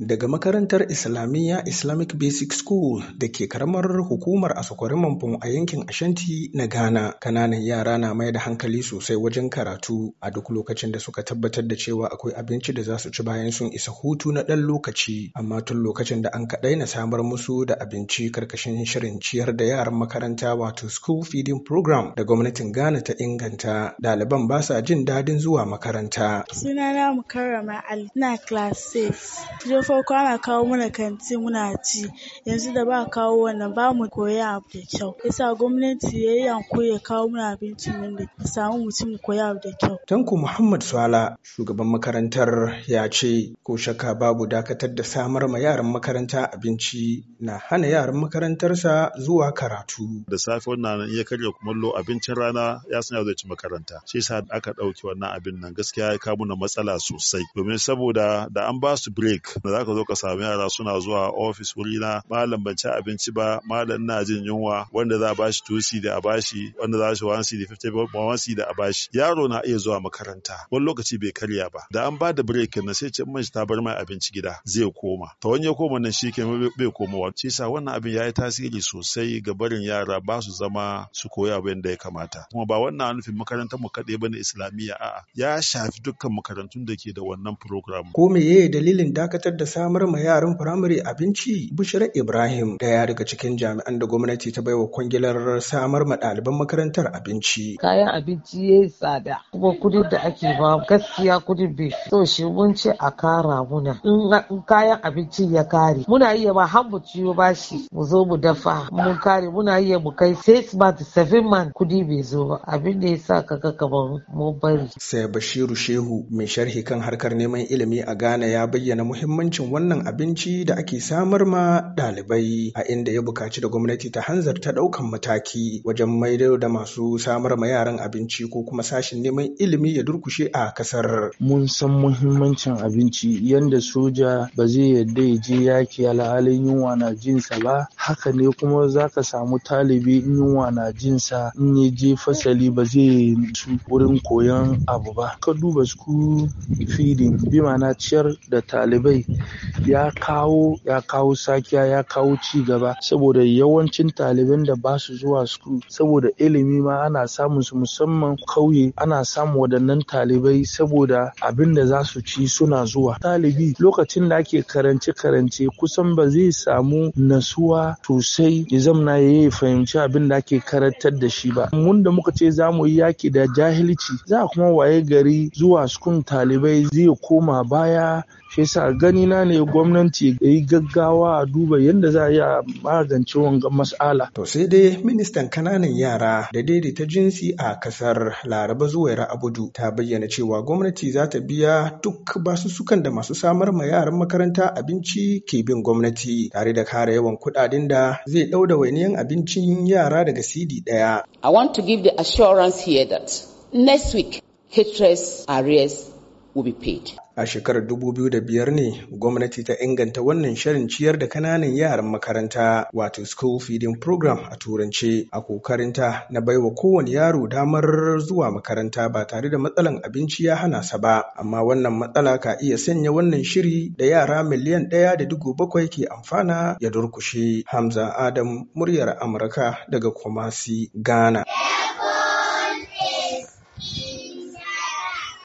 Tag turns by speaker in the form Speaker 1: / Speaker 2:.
Speaker 1: daga makarantar islamiyya islamic basic school da ke karamar hukumar asakwari mamfun a yankin ashanti na ghana kananan yara na mai da hankali sosai wajen karatu a duk lokacin da suka tabbatar da cewa akwai abinci da za su ci bayan sun isa hutu na ɗan lokaci amma tun lokacin da an kaɗai na samar musu da abinci karkashin shirin ciyar da yaran makaranta wato school feeding program da gwamnatin ghana ta inganta ɗaliban ba sa jin daɗin zuwa makaranta sunana mukarrama ali na class 6 farko ana kawo mana kanti muna ci yanzu da ba kawo wannan ba mu koya da kyau yasa gwamnati ya yi yanku ya kawo mana abinci nan da ya samu mu ci abu koya da kyau. Tanko Muhammad Swala shugaban makarantar ya ce ko shakka babu dakatar da samar ma yaran makaranta abinci na hana yaran makarantarsa zuwa karatu.
Speaker 2: Da safe wannan iya karya kumallo abincin rana ya sanya zai ci makaranta shi yasa aka ɗauki wannan abin nan gaskiya ya kawo mana matsala sosai domin saboda da an ba su break za ka zo ka samu yara suna zuwa ofis wurina malam ban ci abinci ba malam ina jin yunwa wanda za a bashi tusi da a bashi wanda za shi one cd fifty cd a bashi yaro na iya zuwa makaranta wani lokaci bai karya ba da an ba da break na sai ce man ta bar mai abinci gida zai koma ta wani ya koma nan shi ke bai komawa shi sa wannan abin ya yi tasiri sosai ga barin yara ba su zama su koya abin da ya kamata kuma ba wannan nufin makarantar mu kaɗai ba na islamiyya a'a ya shafi dukkan makarantun da ke da wannan program ko me dalilin
Speaker 1: dakatar da samar ma yaran firamare abinci Bushra Ibrahim daya daga cikin jami'an da gwamnati ta baiwa kwangilar samar ma ɗaliban makarantar abinci. Kayan abinci ya yi tsada kuma kudin da ake ba gaskiya kudin bai So shi mun ce a kara muna in kayan abinci ya kare muna iya ba har mu ciyo bashi mu zo mu dafa mun kare muna iya mu kai six month seven month kudi bai zo ba abin da ya sa ka ga kamar mu bari. Sai Bashiru Shehu mai sharhi kan harkar neman ilimi a Ghana ya bayyana muhimmanci ingancin wannan abinci da ake samar ma ɗalibai a inda ya bukaci da gwamnati ta hanzarta ɗaukan mataki wajen maido da masu samar ma yaran abinci ko kuma sashin neman
Speaker 3: ilimi ya durkushe a kasar. Mun san muhimmancin abinci yadda soja ba zai yadda ya je yaki alhalin yunwa na jinsa ba haka ne kuma za ka samu talibi yunwa na jinsa in ya je fasali ba zai su wurin koyon abu ba. Ka duba school feeding bi ma'ana ciyar da talibai ya kawo ya kawo sakiya ya kawo ci gaba saboda yawancin ɗaliban da ba su zuwa school saboda ilimi ma ana samun su musamman kauye ana samun waɗannan ɗalibai saboda abin da za su ci suna zuwa ɗalibi lokacin da ake karance karance kusan ba zai samu nasuwa sosai ya zamna ya fahimci abin da ake karantar da shi ba mun da muka ce za mu yi yaki da jahilci za a kuma waye gari zuwa sukun ɗalibai zai koma baya shi yasa gani na na ne gwamnati ya yi gaggawa a duba yadda za a yi a magance wangan mas'ala. To sai dai ministan kananan
Speaker 1: yara da daidaita jinsi a kasar Laraba Zuwaira Abudu ta bayyana cewa gwamnati za ta biya duk basussukan da masu samar ma yaran makaranta abinci ke bin gwamnati tare da kare yawan kuɗaɗen da zai ɗau da wainiyan abincin yara daga CD ɗaya. I want to give the assurance here that next week, HRS arrears will be paid. A shekarar biyar ne gwamnati ta inganta wannan shirin ciyar da kananan yaran makaranta wato school feeding program a turance a kokarinta na baiwa kowane yaro damar zuwa makaranta ba tare da matsalan abinci ya hana sa ba amma wannan matsala ka iya sanya wannan shiri da yara miliyan ɗaya da dubu bakwai ke amfana ya durkushe Hamza Adam muryar Amurka daga Kumasi Ghana.